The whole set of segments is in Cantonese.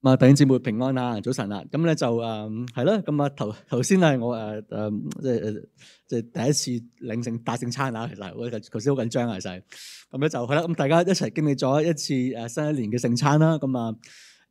咁啊，弟兄姊妹平安啦，早晨啦，咁、嗯、咧就誒，係、嗯、啦，咁啊頭頭先係我誒誒、嗯，即係即係第一次領成大聖餐啊，其實我頭頭先好緊張啊，其實，咁咧就係啦，咁、嗯嗯、大家一齊經歷咗一次誒新一年嘅聖餐啦，咁、嗯、啊。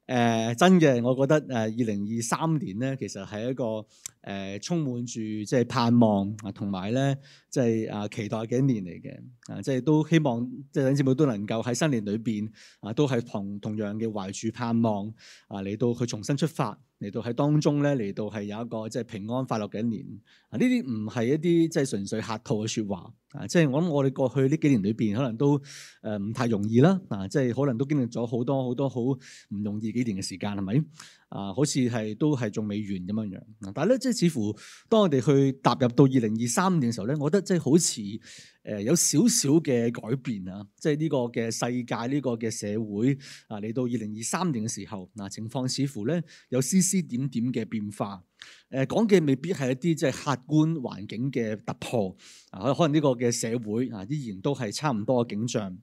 誒、呃、真嘅，我覺得誒二零二三年咧，其實係一個誒、呃、充滿住即係盼望啊，同埋咧即係啊期待嘅一年嚟嘅啊，即係都希望即係親姊妹都能夠喺新年裏邊啊，都係同同樣嘅懷住盼望啊嚟到去重新出發。嚟到喺當中咧，嚟到係有一個即係平安快樂嘅一年。啊，呢啲唔係一啲即係純粹客套嘅説話。啊，即係我諗我哋過去呢幾年裏邊，可能都誒唔太容易啦。嗱、啊，即係可能都經歷咗好多好多好唔容易幾年嘅時間，係咪？啊，好似係都係仲未完咁樣樣，但係咧，即係似乎當我哋去踏入到二零二三年嘅時候咧，我覺得即係好似誒、呃、有少少嘅改變啊！即係呢個嘅世界，呢、呢個嘅社會啊，嚟到二零二三年嘅時候，嗱、啊、情況似乎咧有絲絲點點嘅變化。誒講嘅未必係一啲即係客觀環境嘅突破啊，可能呢個嘅社會啊，依然都係差唔多嘅景象。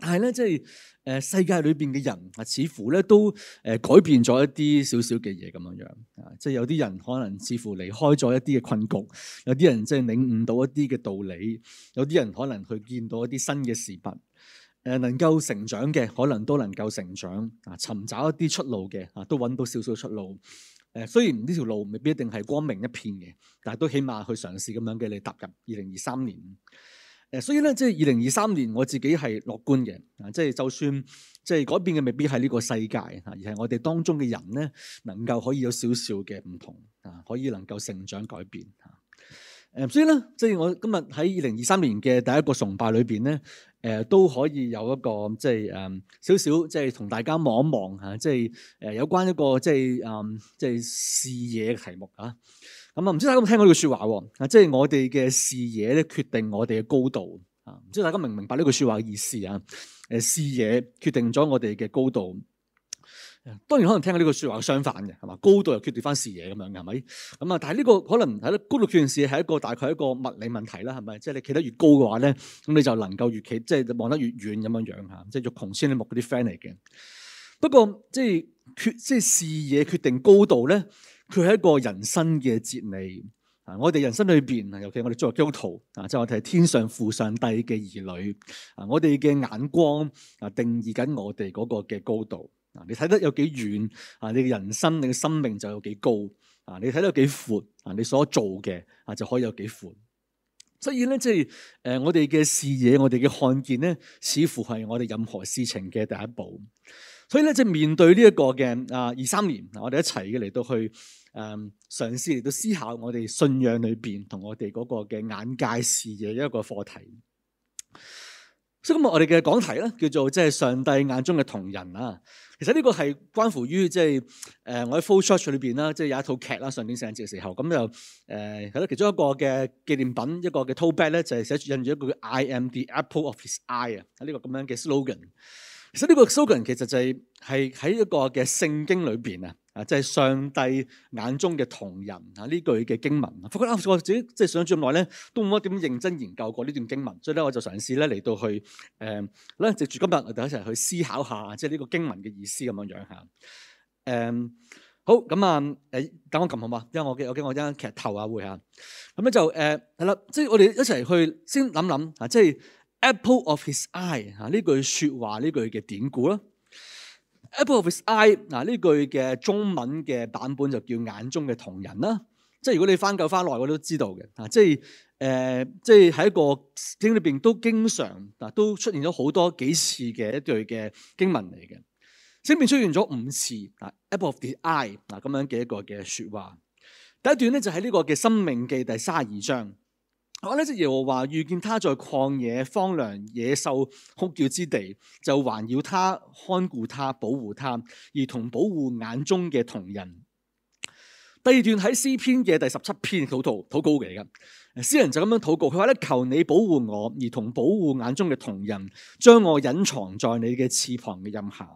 但係咧，即係誒世界裏邊嘅人啊，似乎咧都誒改變咗一啲少少嘅嘢咁樣樣啊，即係有啲人可能似乎離開咗一啲嘅困局，有啲人即係領悟到一啲嘅道理，有啲人可能去見到一啲新嘅事物，誒能夠成長嘅可能都能夠成長啊，尋找一啲出路嘅啊都揾到少少出路。誒雖然呢條路未必一定係光明一片嘅，但係都起碼去嘗試咁樣嘅，你踏入二零二三年。誒，所以咧，即係二零二三年，我自己係樂觀嘅，啊，即係就算即係改變嘅未必係呢個世界吓，而係我哋當中嘅人咧，能夠可以有少少嘅唔同啊，可以能夠成長改變吓。誒，所以咧，即係我今日喺二零二三年嘅第一個崇拜裏邊咧，誒、呃，都可以有一個即係誒少少即係同大家望一望吓，即係誒有關一個即係誒、嗯、即係視野嘅題目啊。咁啊，唔知大家有冇聽過呢句説話喎？啊，即係我哋嘅視野咧，決定我哋嘅高度。啊，唔知大家明唔明白呢句説話嘅意思啊？誒，視野決定咗我哋嘅高度。當然可能聽過呢句説話相反嘅，係嘛？高度又決定翻視野咁樣嘅係咪？咁啊，但係呢個可能係高度決定視野係一個大概一個物理問題啦，係咪？即係你企得越高嘅話咧，咁你就能夠越企，即係望得越遠咁樣樣嚇。即係欲窮千里目嗰啲 friend 嚟嘅。不過即係決即係視野決定高度咧。佢係一個人生嘅哲理啊，上上啊！我哋人生裏邊啊，尤其我哋作基督徒啊，即係我哋係天上父上帝嘅兒女啊，我哋嘅眼光啊，定義緊我哋嗰個嘅高度啊！你睇得有幾遠啊？你嘅人生、你嘅生命就有幾高啊！你睇得幾闊啊？你所做嘅啊就可以有幾闊。所以咧，即係誒、呃，我哋嘅視野、我哋嘅看見咧，似乎係我哋任何事情嘅第一步。所以咧，即係面對呢一個嘅啊二三年，我哋一齊嘅嚟到去。誒，嘗試嚟到思考我哋信仰裏邊同我哋嗰個嘅眼界視野嘅一個課題。所以今日我哋嘅講題咧，叫做即係上帝眼中嘅瞳人啊。其實呢個係關乎於即係誒，我喺 Full Church 裏邊啦，即係有一套劇啦，上年聖誕節嘅時候咁就誒係咯，其中一個嘅紀念品，一個嘅 Tote Bag 咧，就係寫住印住一個叫 I am the apple of his eye 啊，呢個咁樣嘅 slogan。其實呢個 slogan 其實就係係喺一個嘅聖經裏邊啊。啊，即、就、係、是、上帝眼中嘅瞳人啊！呢句嘅經文啊，我覺得我自己即係上咗咁耐咧，都冇乜點認真研究過呢段經文，所以咧我就嘗試咧嚟到去誒，咧、啊啊、藉住今日我哋一齊去思考下，即係呢個經文嘅意思咁樣樣嚇。誒、啊、好，咁啊誒、啊，等我撳好嘛，因為我嘅我驚我，我，我等一陣劇頭啊會啊，咁咧就誒係啦，即、啊、係、就是、我哋一齊去先諗諗啊，即、就、係、是、Apple of His Eye 啊呢句説話呢句嘅典故啦。Apple of his eye 嗱呢句嘅中文嘅版本就叫眼中嘅瞳人啦，即係如果你翻夠翻耐，我都知道嘅，啊即係誒、呃、即係喺一個經裏邊都經常嗱都出現咗好多幾次嘅一句嘅經文嚟嘅，經裏出現咗五次啊 Apple of the eye 嗱咁樣嘅一個嘅說話，第一段咧就喺呢、這個嘅生命記第三十二章。我咧只耶和華遇見他在曠野荒涼野獸,獸哭叫之地，就環繞他看顧他保護他，而同保護眼中嘅瞳人。第二段喺詩篇嘅第十七篇禱禱禱告嚟嘅，詩人就咁樣禱告，佢話咧求你保護我，而同保護眼中嘅瞳人，將我隱藏在你嘅翅膀嘅蔭下。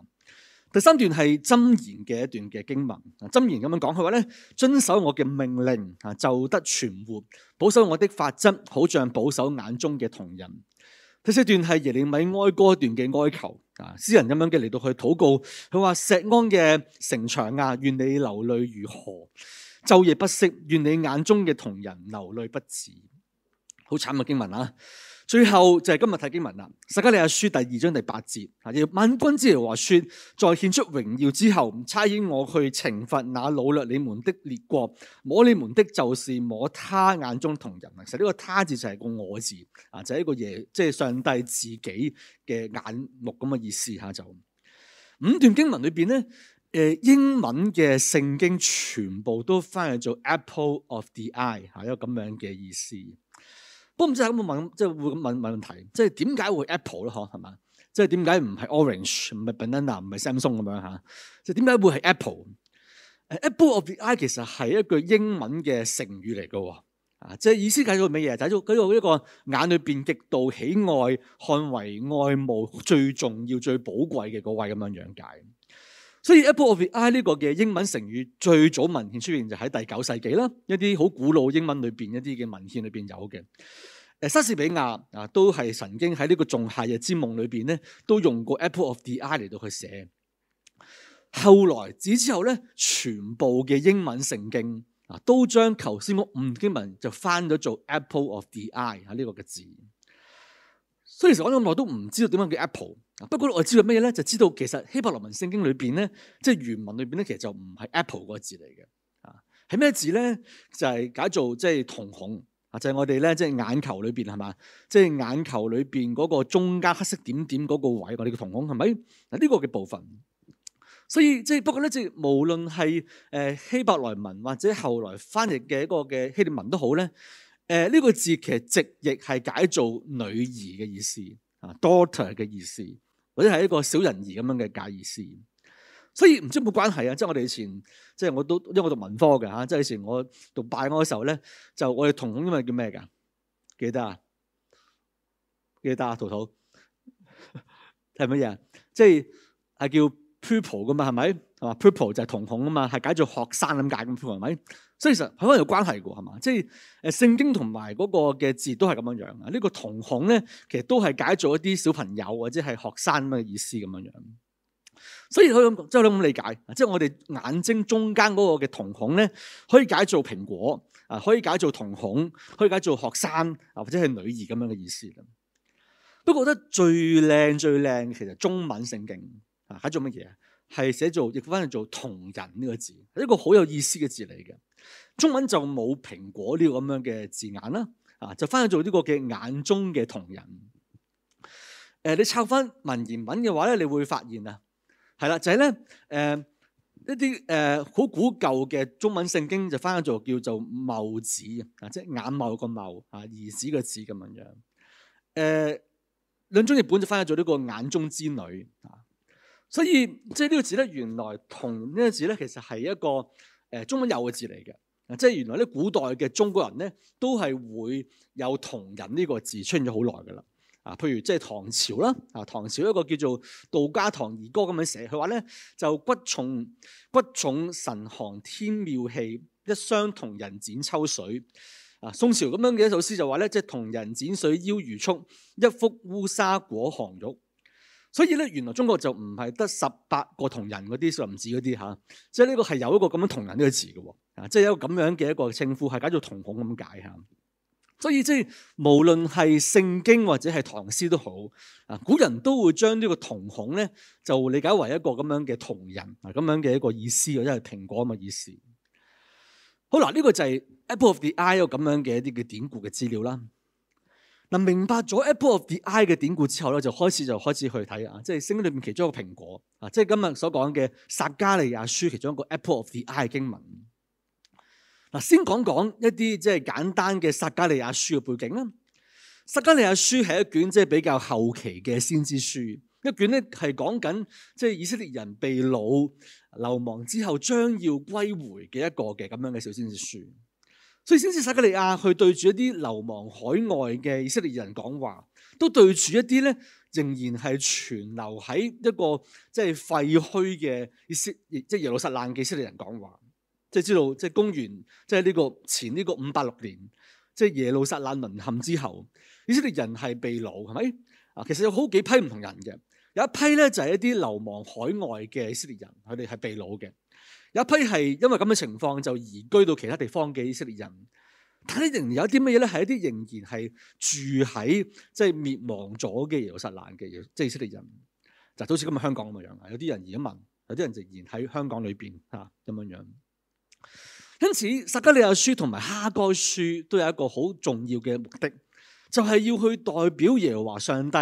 第三段係箴言嘅一段嘅經文，啊箴言咁樣講，佢話咧遵守我嘅命令，啊就得存活；保守我的法則，好像保守眼中嘅瞳人。第四段係耶利米哀歌段嘅哀求，啊詩人咁樣嘅嚟到去禱告，佢話錫安嘅城牆啊，願你流淚如河，晝夜不息；願你眼中嘅瞳人流淚不止。好慘嘅經文啊！最後就係今日睇經文啦，《撒迦利亞書》第二章第八節，啊，萬軍之耶和華說：在獻出榮耀之後，唔差遣我去懲罰那擄掠你們的列國，摸你們的就是摸他眼中瞳人。其實呢個他字就係個我字，啊、就是，就係一個嘢，即係上帝自己嘅眼目咁嘅意思吓。就五段經文裏邊咧，誒，英文嘅聖經全部都翻去做 Apple of the Eye，吓，一個咁樣嘅意思。不過唔知係咁問，即係會咁問問問題，即係點解會 Apple 咯？嗬，係嘛？即係點解唔係 Orange，唔係 Banana，唔係 Samsung 咁樣吓，即係點解會係 Apple？Apple、uh, of the Eye 其實係一句英文嘅成語嚟嘅喎，啊，即係意思解咗個乜嘢？就係咗嗰個一個眼裏邊極度喜愛、看為愛慕最重要、最寶貴嘅嗰位咁樣解。所以 Apple of the Eye 呢個嘅英文成語最早文獻出現就喺第九世紀啦，一啲好古老英文裏邊一啲嘅文獻裏邊有嘅。誒莎士比亞啊都係曾經喺呢個《仲夏夜之夢裡面》裏邊咧都用過 Apple of the Eye 嚟到去寫。後來只之後咧，全部嘅英文聖經啊都將頭先嗰五個經文就翻咗做 Apple of the Eye 呢個嘅字。所以其實我咁耐都唔知道點樣叫 Apple。App 不過我知道咩嘢咧？就知道其實希伯來文聖經裏邊咧，即、就、係、是、原文裏邊咧，其實就唔係 apple 個字嚟嘅，啊係咩字咧？就係、是、解做即係瞳孔，就係、是、我哋咧即係眼球裏邊係嘛？即係、就是、眼球裏邊嗰個中間黑色點點嗰個位，我哋嘅瞳孔係咪？嗱呢、就是、個嘅部分。所以即係、就是、不過咧，即係無論係誒希伯來文或者後來翻譯嘅一個嘅希臘文都好咧，誒、這、呢個字其實直譯係解做女兒嘅意思，啊 daughter 嘅意思。或者係一個小人兒咁樣嘅嘅意思，所以唔知有冇關係啊？即係我哋以前，即係我都因為我讀文科嘅嚇，即係以前我讀拜安嘅時候咧，就我哋瞳孔因為叫咩嘅？記得啊，記得啊，圖圖係乜嘢？即係係叫 pupil 噶嘛？係咪？係嘛、uh,？pupil 就係瞳孔啊嘛，係解做學生咁解咁，pupil 係咪？是。即係其實係可能有關係嘅係嘛，即係聖經同埋嗰個嘅字都係咁樣樣啊。呢個瞳孔咧，其實都係解做一啲小朋友或者係學生咁嘅意思咁樣樣。所以可以咁即係你咁理解，即係我哋眼睛中間嗰個嘅瞳孔咧，可以解做蘋果啊，可以解做瞳孔，可以解做學生啊或者係女兒咁樣嘅意思。不過覺得最靚最靚其實中文聖經啊，解做乜嘢？係寫做亦翻去做瞳人呢個字，係一個好有意思嘅字嚟嘅。中文就冇蘋果呢個咁樣嘅字眼啦，啊，就翻去做呢個嘅眼中嘅瞳人。誒、呃，你抄翻文言文嘅話咧，你會發現啊，係啦，就係、是、咧，誒、呃、一啲誒好古舊嘅中文聖經就翻去做叫做眸子，嗱、啊、即眼眸個眸啊，兒子個子咁樣樣。誒兩中譯本就翻去做呢個眼中之女啊，所以即呢、就是、個字咧，原來同呢個字咧，其實係一個誒、呃、中文有嘅字嚟嘅。即係原來咧，古代嘅中國人咧，都係會有「瞳人」呢個字，出現咗好耐嘅啦。啊，譬如即係唐朝啦，啊，唐朝一個叫做《杜家唐兒歌》咁樣寫，佢話咧就骨重骨重神寒天廟器，一雙瞳人剪秋水。啊，宋朝咁樣嘅一首詩就話咧，即係瞳人剪水腰如束，一幅烏紗裹寒玉。所以咧，原來中國就唔係得十八個銅人嗰啲字，少林寺嗰啲嚇。即係呢個係有一個咁樣瞳人呢個字嘅。啊，即係一個咁樣嘅一個稱呼，係解做瞳孔咁解下。所以即係無論係聖經或者係唐詩都好啊，古人都會將呢個瞳孔咧就理解為一個咁樣嘅瞳人啊，咁樣嘅一個意思，即係蘋果咁嘅意思。好嗱，呢個就係 Apple of the Eye 咁樣嘅一啲嘅典故嘅資料啦。嗱，明白咗 Apple of the Eye 嘅典故之後咧，就開始就開始去睇啊，即係聖經裏面其中一個蘋果啊，即係今日所講嘅撒迦利亞書其中一個 Apple of the Eye 嘅經文。嗱，先講講一啲即係簡單嘅撒迦利亞書嘅背景啦。撒迦利亞書係一卷即係比較後期嘅先知書，一卷咧係講緊即係以色列人被擄流亡之後將要歸回嘅一個嘅咁樣嘅小先知書。所以先知撒迦利亞去對住一啲流亡海外嘅以色列人講話，都對住一啲咧仍然係存留喺一個即係廢墟嘅以色列即係耶路撒冷嘅以色列人講話。即係知道，即係公元，即係呢個前呢個五八六年，即係耶路撒冷淪陷之後，以色列人係被擄係咪？啊，其實有好幾批唔同人嘅，有一批咧就係一啲流亡海外嘅以色列人，佢哋係被擄嘅；有一批係因為咁嘅情況就移居到其他地方嘅以色列人。但係仍，仍然有啲乜嘢咧？係一啲仍然係住喺即係滅亡咗嘅耶路撒冷嘅即係以色列人，就好似今日香港咁嘅樣。有啲人移民，有啲人仍然喺香港裏邊嚇咁樣樣。因此，撒迦利亞書同埋哈該書都有一個好重要嘅目的，就係、是、要去代表耶和華上帝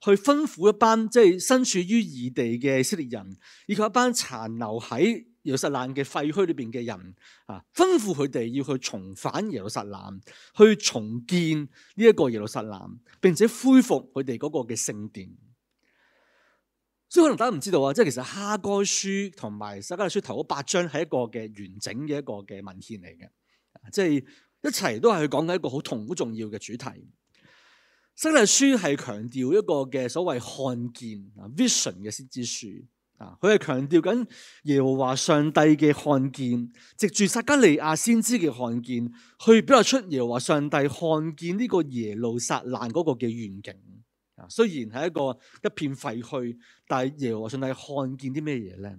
去吩咐一班即係身處於異地嘅色列人，以及一班殘留喺耶路撒冷嘅廢墟裏邊嘅人啊，吩咐佢哋要去重返耶路撒冷，去重建呢一個耶路撒冷，並且恢復佢哋嗰個嘅聖殿。所以可能大家唔知道啊，即係其實《哈該書》同埋《撒迦利亞書》頭嗰八章係一個嘅完整嘅一個嘅文獻嚟嘅，即係一齊都係去講緊一個好同好重要嘅主題。《撒迦利亞書》係強調一個嘅所謂看見啊，vision 嘅先知書啊，佢係強調緊耶和華上帝嘅看見，藉住撒迦利亞先知嘅看見去表達出耶和華上帝看見呢個耶路撒冷嗰個嘅願景。啊，雖然係一個一片廢墟，但係耶和華上帝看見啲咩嘢咧？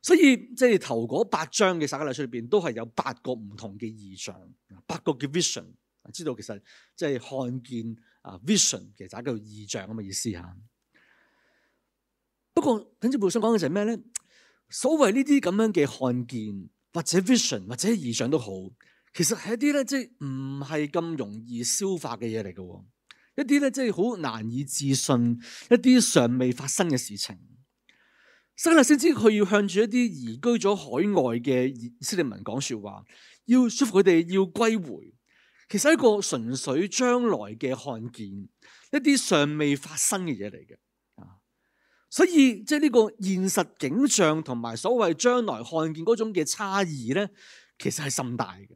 所以即係頭嗰八章嘅撒迦利亞書裏邊都係有八個唔同嘅異象，八個嘅 vision。知道其實即係看見啊，vision 其實就叫做異象咁嘅意思嚇。不過等住牧師講嘅就係咩咧？所謂呢啲咁樣嘅看見或者 vision 或者異象都好，其實係一啲咧，即係唔係咁容易消化嘅嘢嚟嘅。一啲咧，即係好難以置信，一啲尚未發生嘅事情，今日先知佢要向住一啲移居咗海外嘅以色列民講説話，要説服佢哋要歸回，其實係一個純粹將來嘅看見，一啲尚未發生嘅嘢嚟嘅啊，所以即係呢個現實景象同埋所謂將來看見嗰種嘅差異咧，其實係甚大嘅。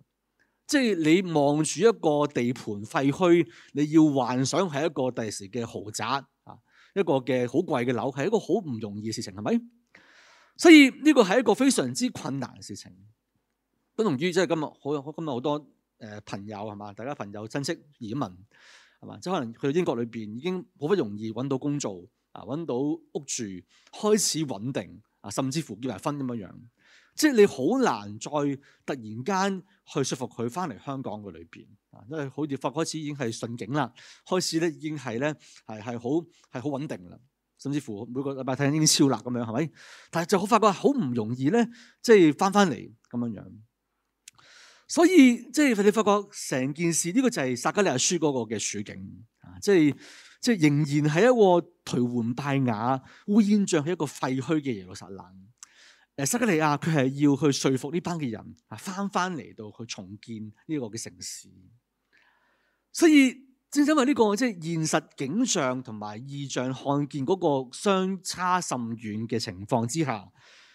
即係你望住一個地盤廢墟，你要幻想係一個第時嘅豪宅啊，一個嘅好貴嘅樓，係一個好唔容易嘅事情，係咪？所以呢個係一個非常之困難嘅事情。不同於即係今日好，今日好多誒朋友係嘛，大家朋友親戚移民係嘛，即係可能去英國裏邊已經好不容易揾到工作啊，揾到屋住，開始穩定啊，甚至乎結埋婚咁樣樣。即係你好難再突然間去説服佢翻嚟香港嘅裏邊，因為好似發覺開始已經係順境啦，開始咧已經係咧係係好係好穩定啦，甚至乎每個禮拜睇緊已經超辣咁樣，係咪？但係就好發覺好唔容易咧，即係翻翻嚟咁樣樣。所以即係你發覺成件事呢、這個就係撒迦利亞書嗰個嘅處境，即係即係仍然係一個頹垣敗瓦、烏煙瘴氣一個廢墟嘅耶路撒冷。誒，撒迦利亞佢係要去說服呢班嘅人啊，翻翻嚟到去重建呢個嘅城市。所以，正因為呢個即係現實景象同埋異象看見嗰個相差甚遠嘅情況之下，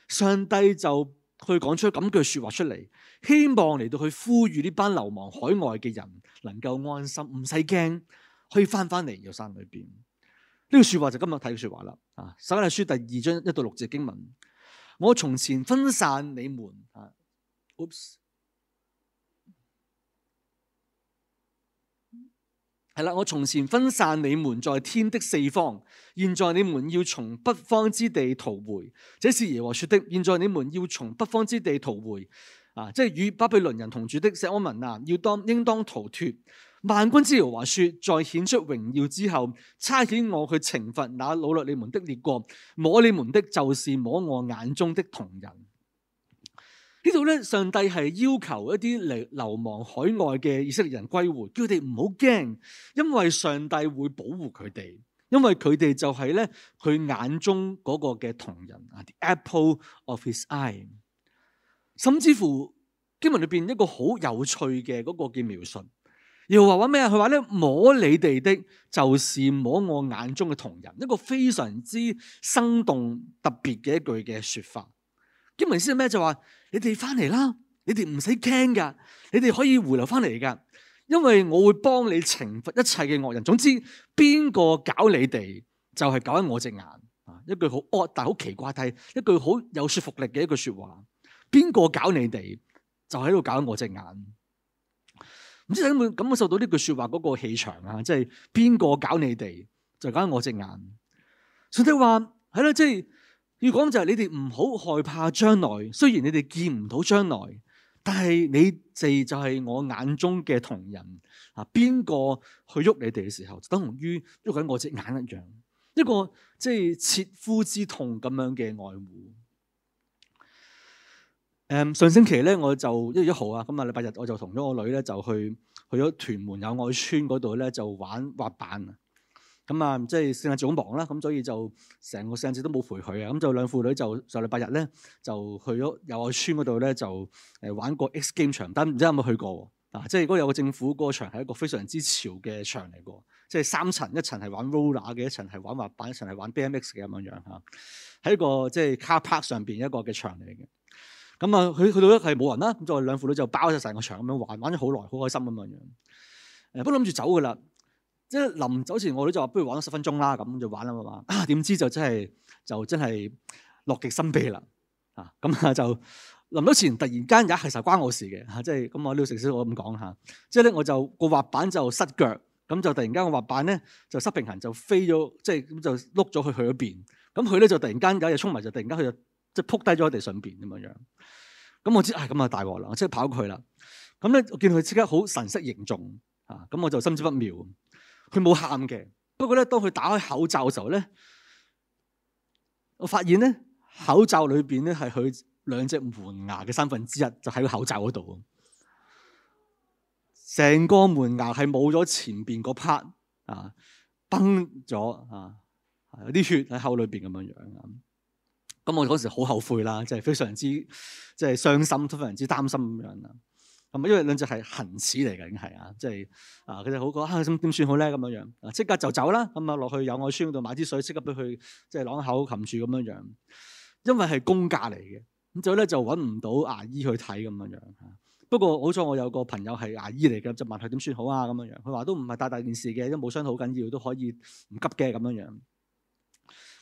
上帝就去講出咁句說話出嚟，希望嚟到去呼籲呢班流亡海外嘅人能夠安心，唔使驚，可以翻翻嚟游山裏邊。呢個說話就今日睇嘅說話啦。啊，撒迦利亞書第二章一到六節經文。我從前分散你們，嚇，oops，係啦。我從前分散你們在天的四方，現在你們要從北方之地逃回。這是耶和華說的。現在你們要從北方之地逃回，啊，即係與巴比倫人同住的錫安民啊，要當應當逃脫。萬軍之耶和華說：在顯出榮耀之後，差遣我去懲罰那擄掠你們的列國，摸你們的，就是摸我眼中的瞳人。呢度咧，上帝係要求一啲嚟，流亡海外嘅以色列人歸回，叫佢哋唔好驚，因為上帝會保護佢哋，因為佢哋就係咧佢眼中嗰個嘅瞳人啊 the apple of his eye。甚至乎經文裏邊一個好有趣嘅嗰個嘅描述。又話話咩？佢話咧摸你哋的，就是摸我眼中嘅瞳人，一個非常之生動特別嘅一句嘅說法。經文意思係咩？就話你哋翻嚟啦，你哋唔使驚噶，你哋可以回流翻嚟噶，因為我會幫你懲罰一切嘅惡人。總之，邊個搞你哋，就係搞緊我隻眼。啊，一句好惡，但係好奇怪，但係一句好有說服力嘅一句說話。邊個搞你哋，就喺度搞緊我隻眼。唔知大家有冇感受到呢句說話嗰個氣場啊？即係邊個搞你哋，就搞緊我隻眼。上帝話，係啦，即係要講就係你哋唔好害怕將來。雖然你哋見唔到將來，但係你哋就係我眼中嘅瞳人。啊，邊個去喐你哋嘅時候，就等同於喐緊我隻眼一樣，一個即係切膚之痛咁樣嘅愛護。誒，um, 上星期咧我就一月一號啊，咁啊禮拜日我就同咗我女咧就去去咗屯門友愛村嗰度咧就玩滑板，啊、嗯。咁啊即係聖誕節好忙啦，咁所以就成個星期都冇陪佢啊，咁就兩父女就就禮拜日咧就去咗友愛村嗰度咧就誒玩個 X game 場，但唔知有冇去過啊？即係如果有個政府個場係一個非常之潮嘅場嚟嘅，即係三層，一層係玩 roller 嘅，一層係玩滑板，一層係玩 BMX 嘅咁樣樣吓，喺、啊、個即係 car park 上邊一個嘅場嚟嘅。咁啊，佢去到一係冇人啦，咁就兩父女就包咗成個場咁樣玩，玩咗好耐，好開心咁樣樣。誒，不過諗住走噶啦，即係臨走前我哋就話不如玩咗十分鐘啦，咁就玩啦嘛。啊，點知就真係就真係樂極生悲啦。啊，咁啊就臨走前突然間有一係事關我的事嘅嚇、啊，即係咁我呢個成少我咁講嚇。即係咧，我就個滑板就失腳，咁就突然間個滑板咧就失平衡就飛咗，即係咁就碌咗去佢嗰邊。咁佢咧就突然間有嘢衝埋，就突然間佢就，就。即係撲低咗我哋上邊咁樣樣，咁我知，哎咁啊大鑊啦！我即刻跑過去啦。咁咧，我見到佢即刻好神色凝重嚇，咁、啊、我就心知不妙。佢冇喊嘅，不過咧，當佢打開口罩嘅時候咧，我發現咧口罩裏邊咧係佢兩隻門牙嘅三分之一，就喺個口罩嗰度。成個門牙係冇咗前邊嗰 part 啊崩咗啊，有啲血喺口裏邊咁樣樣咁。啊咁我嗰時好後悔啦，即係非常之即係傷心，都非常之擔心咁樣啦。咁因為兩隻係恆齒嚟嘅，已經係啊，即係啊，其實好講吓，咁點算好咧？咁樣樣即刻就走啦。咁啊落去友愛村嗰度買啲水，刻即刻俾佢即係啷口擒住咁樣樣。因為係公價嚟嘅，咁所以咧就揾唔到牙醫去睇咁樣樣。不過好彩我有個朋友係牙醫嚟嘅，就問佢點算好啊？咁樣樣，佢話都唔係太大件事嘅，因冇傷好緊要，都可以唔急嘅咁樣樣。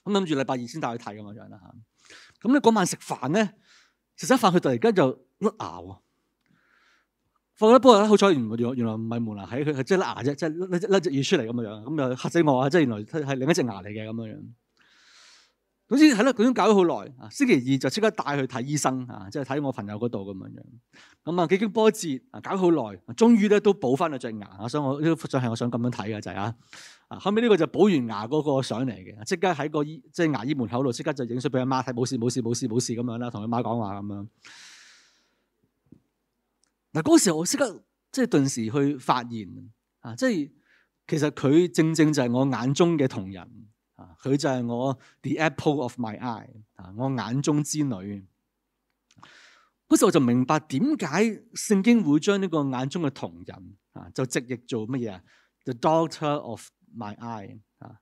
咁諗住禮拜二先帶去睇咁樣樣啦嚇。咁你嗰晚食飯咧，食咗飯佢突然間就甩牙喎。不過咧，好彩原原來唔係門牙喎，佢即係甩牙啫，即係甩甩隻牙出嚟咁嘅樣，咁又嚇死我啊！即係原來係另一隻牙嚟嘅咁嘅樣。總之係咯，總之搞咗好耐啊。星期二就即刻帶去睇醫生啊，即係睇我朋友嗰度咁樣樣。咁啊幾經波折啊，搞好耐，終於咧都補翻啊隻牙啊。所以我呢張相係我想咁樣睇嘅就係啊啊。啊後尾呢個就補完牙嗰個相嚟嘅，即刻喺個醫即係牙醫門口度，即刻就影相俾阿媽睇，冇事冇事冇事冇事咁樣啦，同阿媽講話咁樣。嗱，嗰時我即刻即係頓時去發現啊，即係其實佢正正就係我眼中嘅瞳人。佢就係我 the apple of my eye，啊，我眼中之女。嗰時候我就明白點解聖經會將呢個眼中嘅瞳人，啊，就直譯做乜嘢啊？The daughter of my eye，啊，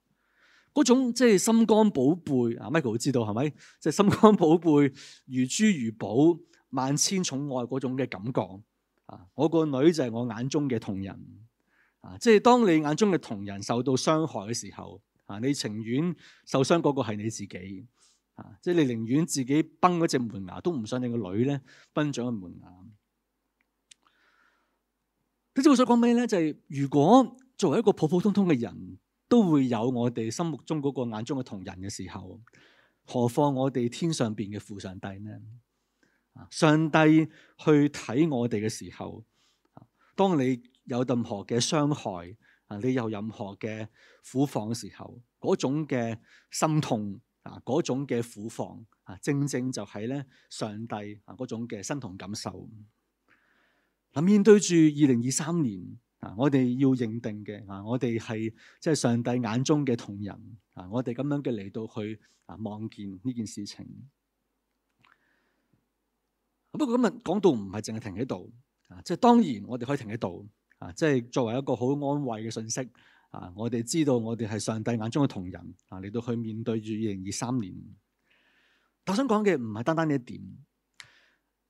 嗰種即係心肝寶貝，阿 Michael 知道係咪？即係心肝寶貝，如珠如寶，萬千寵愛嗰種嘅感覺。啊，我個女就係我眼中嘅瞳人。啊，即係當你眼中嘅瞳人受到傷害嘅時候。嗱，你情願受傷嗰個係你自己，啊，即係你寧願自己崩嗰隻門牙，都唔想你個女咧崩咗個門牙。咁即係我想講咩咧？就係、是、如果作為一個普普通通嘅人都會有我哋心目中嗰個眼中嘅瞳人嘅時候，何況我哋天上邊嘅父上帝呢？啊，上帝去睇我哋嘅時候，當你有任何嘅傷害。啊！你有任何嘅苦況嘅時候，嗰種嘅心痛啊，嗰種嘅苦況啊，正正就係咧上帝啊嗰種嘅身同感受。嗱，面對住二零二三年啊，我哋要認定嘅啊，我哋係即係上帝眼中嘅瞳人啊，我哋咁樣嘅嚟到去啊望見呢件事情。不過今日講到唔係淨係停喺度啊，即係當然我哋可以停喺度。啊，即係作為一個好安慰嘅信息啊！我哋知道我哋係上帝眼中嘅瞳人，啊，嚟到去面對住二零二三年。我想講嘅唔係單單呢一點。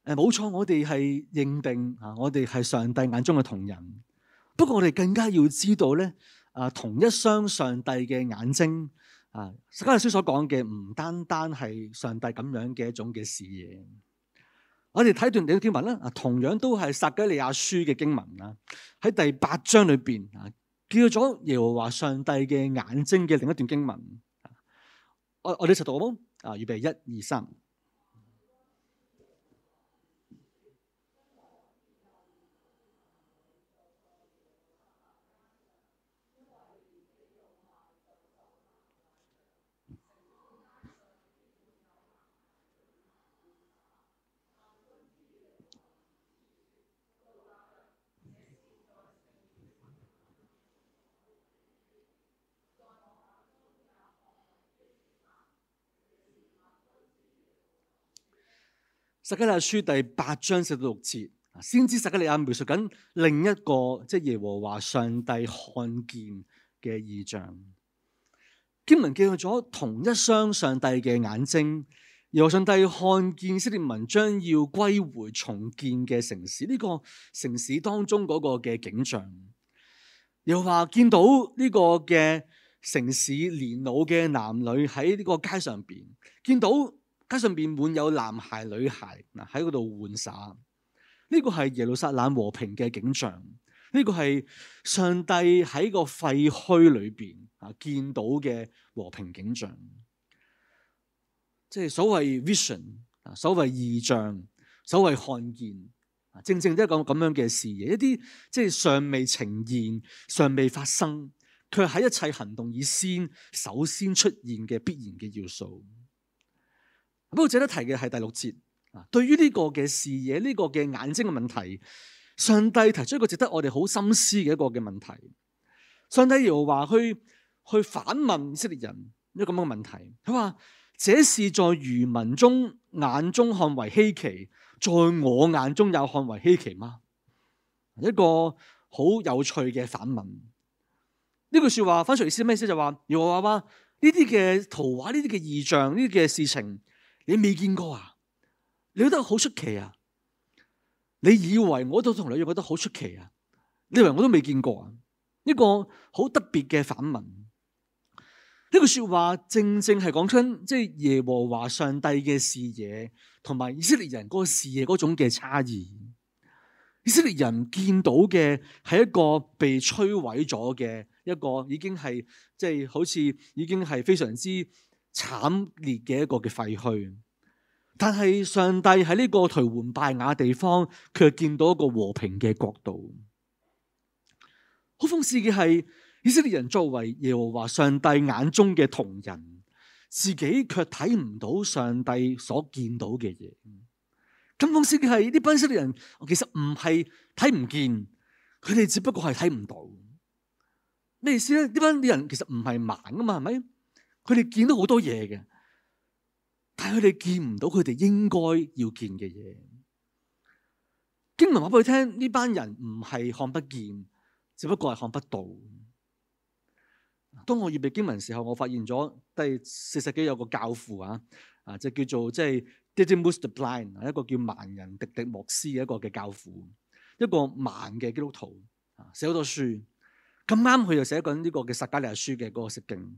誒，冇錯，我哋係認定啊，我哋係上帝眼中嘅瞳人。不過我哋更加要知道咧，啊，同一雙上帝嘅眼睛啊，加勒斯所講嘅唔單單係上帝咁樣嘅一種嘅視野。我哋睇段地一經文啦，同樣都係撒迦利亞書嘅經文啦。喺第八章裏邊啊，見咗耶和華上帝嘅眼睛嘅另一段經文。我我哋一齊讀好唔好啊？預備，一二三。《撒迦利亞書》第八章十六節，先知撒迦利亞描述緊另一個即係、就是、耶和華上帝看見嘅異象。經文記錄咗同一雙上帝嘅眼睛，耶和上帝看見以色列民將要歸回重建嘅城市，呢、這個城市當中嗰個嘅景象，又話見到呢個嘅城市年老嘅男女喺呢個街上邊見到。街上邊滿有男孩女孩，嗱喺嗰度玩耍。呢個係耶路撒冷和平嘅景象，呢個係上帝喺個廢墟裏邊啊見到嘅和平景象。即係所謂 vision，所謂異象，所謂看見，正正一個咁樣嘅視野，一啲即係尚未呈現、尚未發生，卻喺一切行動以先、首先出現嘅必然嘅要素。不過值得提嘅係第六節啊，對於呢個嘅視野、呢個嘅眼睛嘅問題，上帝提出一個值得我哋好深思嘅一個嘅問題。上帝又話去去反問以色列人一個咁樣嘅問題，佢話這是在愚民中眼中看為稀奇，在我眼中有看為稀奇嗎？一個好有趣嘅反問。呢句說話翻出嚟意思咩意思？就話如何話話呢啲嘅圖畫、呢啲嘅異象、呢啲嘅事情。你未見過啊？你覺得好出奇啊？你以為我都同你一樣覺得好出奇啊？你以為我都未見過啊？一個好特別嘅反問。呢句説話正正係講出即係耶和華上帝嘅視野，同埋以色列人嗰個視野嗰種嘅差異。以色列人見到嘅係一個被摧毀咗嘅一個，已經係即係好似已經係非常之。慘烈嘅一個嘅廢墟，但係上帝喺呢個頹垣敗瓦地方，佢又見到一個和平嘅國度。好諷刺嘅係，以色列人作為耶和華上帝眼中嘅瞳人，自己卻睇唔到上帝所見到嘅嘢。咁諷刺嘅係，呢班以色列人其實唔係睇唔見，佢哋只不過係睇唔到。咩意思咧？呢班人其實唔係盲噶嘛，係咪？佢哋見到好多嘢嘅，但係佢哋見唔到佢哋應該要見嘅嘢。經文話俾佢聽，呢班人唔係看不見，只不過係看不到。當我預備經文時候，我發現咗第四世紀有個教父啊，啊，啊就叫做即係、就是、Didymus the Blind，、啊、一個叫盲人迪迪莫斯嘅一個嘅教父，一個盲嘅基督徒啊，寫好多書。咁啱佢又寫緊呢個嘅撒迦利亞書嘅嗰個釋經。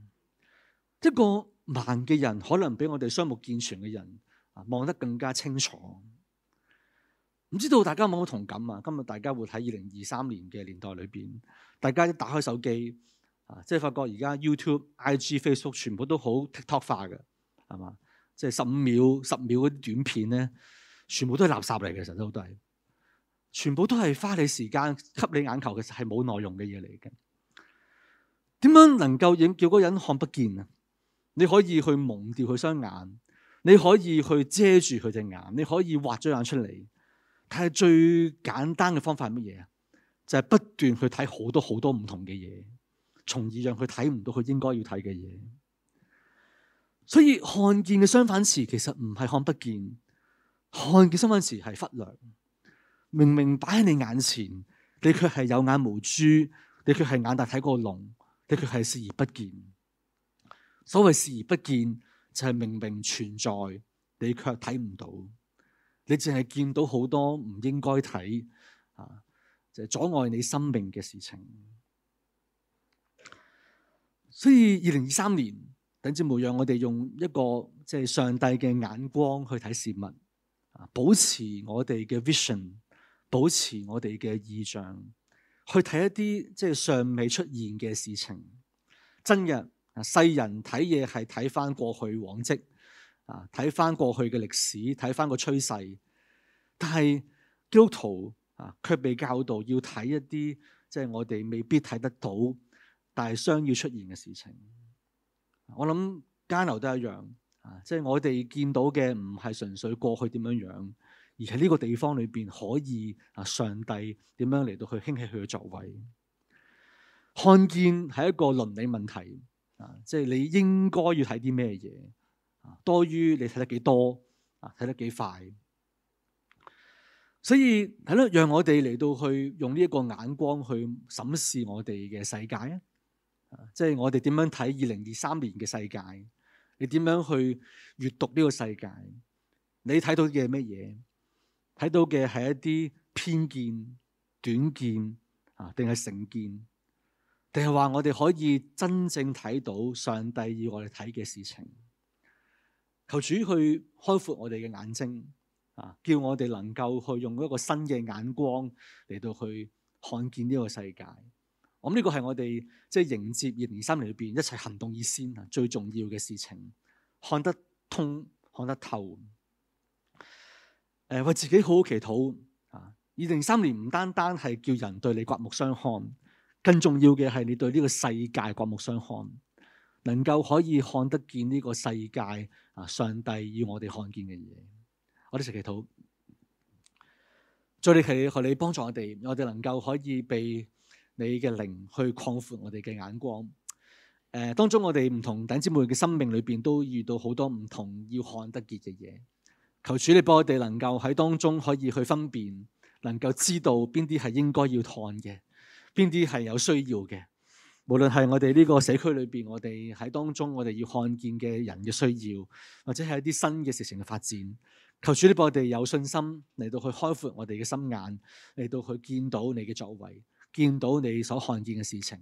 一個盲嘅人可能比我哋雙目健全嘅人啊望得更加清楚。唔知道大家有冇同感啊？今日大家活喺二零二三年嘅年代裏邊，大家一打開手機啊，即係發覺而家 YouTube、IG、Facebook 全部都好 TikTok 化嘅，係嘛？即係十五秒、十秒啲短片咧，全部都係垃圾嚟嘅，其實都係，全部都係花你時間、吸你眼球嘅，其實係冇內容嘅嘢嚟嘅。點樣能夠影叫嗰人看不見啊？你可以去蒙掉佢雙眼，你可以去遮住佢隻眼，你可以挖咗眼出嚟。但係最簡單嘅方法係乜嘢啊？就係不斷去睇好多好多唔同嘅嘢，從而讓佢睇唔到佢應該要睇嘅嘢。所以看見嘅相反詞其實唔係看不見，看見相反詞係忽略。明明擺喺你眼前，你卻係有眼無珠，你卻係眼大睇過龍，你卻係視而不見。所謂視而不見，就係、是、明明存在，你卻睇唔到，你淨係見到好多唔應該睇啊，就係阻礙你生命嘅事情。所以二零二三年，等之冇讓我哋用一個即係上帝嘅眼光去睇事物啊，保持我哋嘅 vision，保持我哋嘅意象，去睇一啲即係尚未出現嘅事情。真嘅。啊！世人睇嘢，係睇翻過去往跡，啊睇翻過去嘅歷史，睇翻個趨勢。但係基督徒啊，卻被教導要睇一啲即係我哋未必睇得到，但係相要出現嘅事情。我諗加恩樓都一樣啊，即係我哋見到嘅唔係純粹過去點樣樣，而係呢個地方裏邊可以啊上帝點樣嚟到去興起佢嘅作為。看見係一個倫理問題。即係你應該要睇啲咩嘢，多於你睇得幾多，睇得幾快。所以係咯，讓我哋嚟到去用呢一個眼光去審視我哋嘅世界啊！即係我哋點樣睇二零二三年嘅世界？你點樣去閱讀呢個世界？你睇到嘅係乜嘢？睇到嘅係一啲偏見、短見啊，定係成見？定係話我哋可以真正睇到上帝要我哋睇嘅事情，求主去開闊我哋嘅眼睛啊，叫我哋能夠去用一個新嘅眼光嚟到去看見呢個世界。咁呢個係我哋即係迎接二零二三年裏邊一齊行動以先啊，最重要嘅事情看得通、看得透。誒、呃，為自己好好祈禱啊！二零二三年唔單單係叫人對你刮目相看。更重要嘅係你對呢個世界刮目相看，能夠可以看得見呢個世界啊！上帝要我哋看見嘅嘢，我哋食祈禱，主你祈求你幫助我哋，我哋能夠可以被你嘅靈去擴闊我哋嘅眼光。誒、呃，當中我哋唔同弟兄姊妹嘅生命裏邊都遇到好多唔同要看得見嘅嘢，求主你幫我哋能夠喺當中可以去分辨，能夠知道邊啲係應該要看嘅。邊啲係有需要嘅？無論係我哋呢個社區裏邊，我哋喺當中，我哋要看見嘅人嘅需要，或者係一啲新嘅事情嘅發展。求主呢，俾我哋有信心嚟到去開闊我哋嘅心眼，嚟到去見到你嘅作為，見到你所看見嘅事情。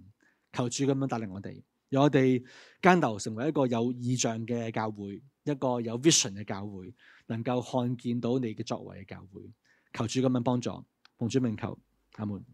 求主咁樣帶領我哋，讓我哋間樓成為一個有異象嘅教會，一個有 vision 嘅教會，能夠看見到你嘅作為嘅教會。求主咁樣幫助，奉主名求，阿門。